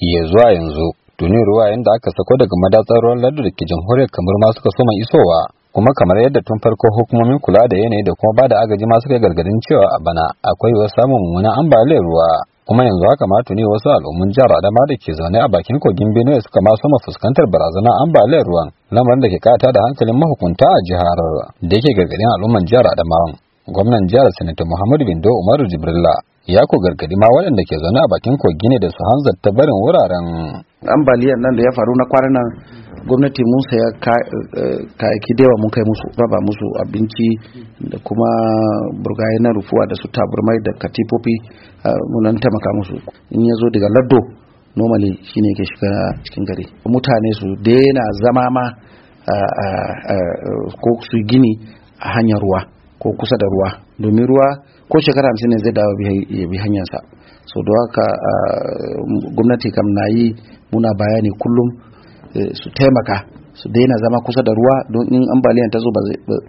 ya zuwa yanzu tuni ruwa yadda aka sako daga madatsar ruwan lardu da ke jamhuriyar kamar ma suka so mai isowa kuma kamar yadda tun farko hukumomin kula da yanayi da kuma bada agaji ma suka gargadin cewa a bana akwai wasu samun mummunan ambaliyar ruwa kuma yanzu haka ma tuni wasu al'ummun jihar Adama da ke zaune a bakin kogin Benue suka ma soma fuskantar barazanar ambaliyar ruwan lamarin da ke kata da hankalin mahukunta a jihar da yake gargadin al'ummar jihar Adama gwamnan jihar sanata Muhammadu Bindo Umaru Jibrilla ya ku gargadi ma waɗanda ke zaune a bakin kogi ne da su hanzarta barin wuraren ambaliyar nan da ya faru na kwanan nan gwamnati mun saya eh, kayaki dewa mun kai musu raba musu abinci da kuma burgaye na rufuwa da su taburmai da katifofi ah, munan taimaka musu in ya zo daga laddo normally shine ke shiga cikin gari mutane su daina zama ma ah, ah, ko su gini a hanyar ruwa ko kusa da ruwa domin ruwa ko shekara hamsin ne zai dawo ya bi hanyarsa so da haka gwamnati kam na yi muna bayani kullum eh, su taimaka su daina zama kusa da ruwa don in ambaliyan ta zo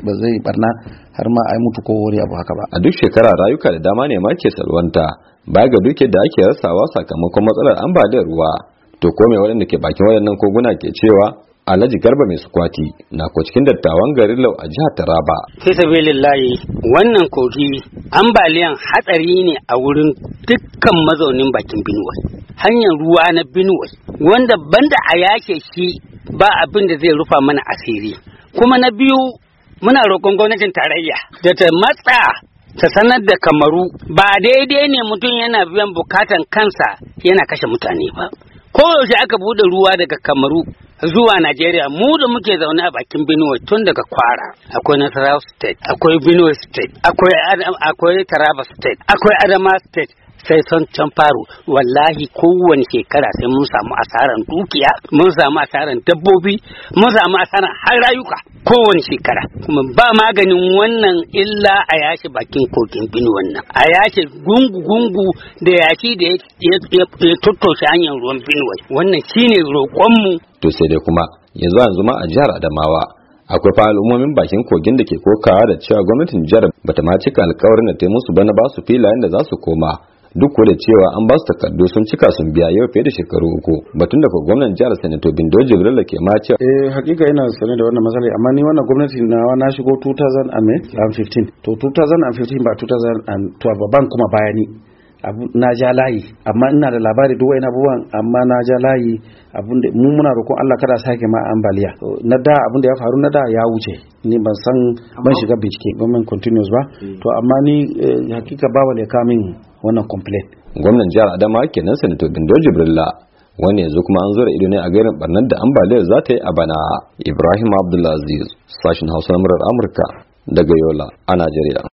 ba zai barna har ma a yi mutu ko wuri abu haka ba a duk shekara rayuka da dama ne ma ke salwanta ba ga duke da ake rasawa sakamakon matsalar ambaliyar ruwa to ko me waɗanda ke bakin waɗannan koguna ke cewa Alhaji Garba mai sukwati na ko cikin dattawan garin Lau a jihar Taraba. Fi sabilillahi wannan kogi ambaliyan hatsari ne a wurin dukkan mazaunin bakin Binuwa. Hanyar ruwa na Binuwa wanda banda a yake shi ba abin da zai rufa mana asiri. Kuma na biyu muna roƙon gwamnatin tarayya da ta matsa ta sanar da kamaru ba daidai ne mutum yana biyan bukatan kansa yana kashe mutane ba Ko koyaushe aka bude ruwa daga kamaru zuwa najeriya mu da muke zaune a bakin benue tun daga kwara akwai nasarawa state akwai benue state akwai akwai taraba state akwai adama state sai son can faru wallahi kowane shekara sai mun samu asaran dukiya mun samu asaran dabbobi mun samu asaran har rayuka kowane shekara kuma ba maganin wannan illa a yashi bakin kogin bini wannan a yashi gungu-gungu da yaki da ya tattoshe hanyar ruwan bini wannan shine roƙonmu to sai dai kuma yanzu yanzu ma a jihar adamawa akwai fa al'ummomin bakin kogin da ke kokawa da cewa gwamnatin jihar bata ma cika alkawarin da ta musu ba na ba su filayen da za su koma duk da cewa an ba su takardu sun cika sun biya yau fiye da shekaru uku batun da ka gwamnan jihar sanato bindo jibrila ke ma cewa eh, hakika ina sane da wannan matsalai amma ni wannan gwamnati na na shigo 2015 to 2015 ba 2012 ba ban kuma bayani na ja layi amma ina da labari duk wani abubuwan amma na ja layi abinda mu muna roƙon Allah kada sake ma ambaliya na da abinda ya faru na da ya wuce ni ban san ban shiga bincike ban man continuous ba hmm. to amma ni eh, hakika babu ne kamin wannan complaint gwamnan jihar Adama kenan sanato Bindo Jibrilla wani yanzu kuma an zura ido ne a garin barnar da ambaliyar za ta yi a bana Ibrahim Abdulaziz sashin Hausa na murar Amurka daga Yola a Najeriya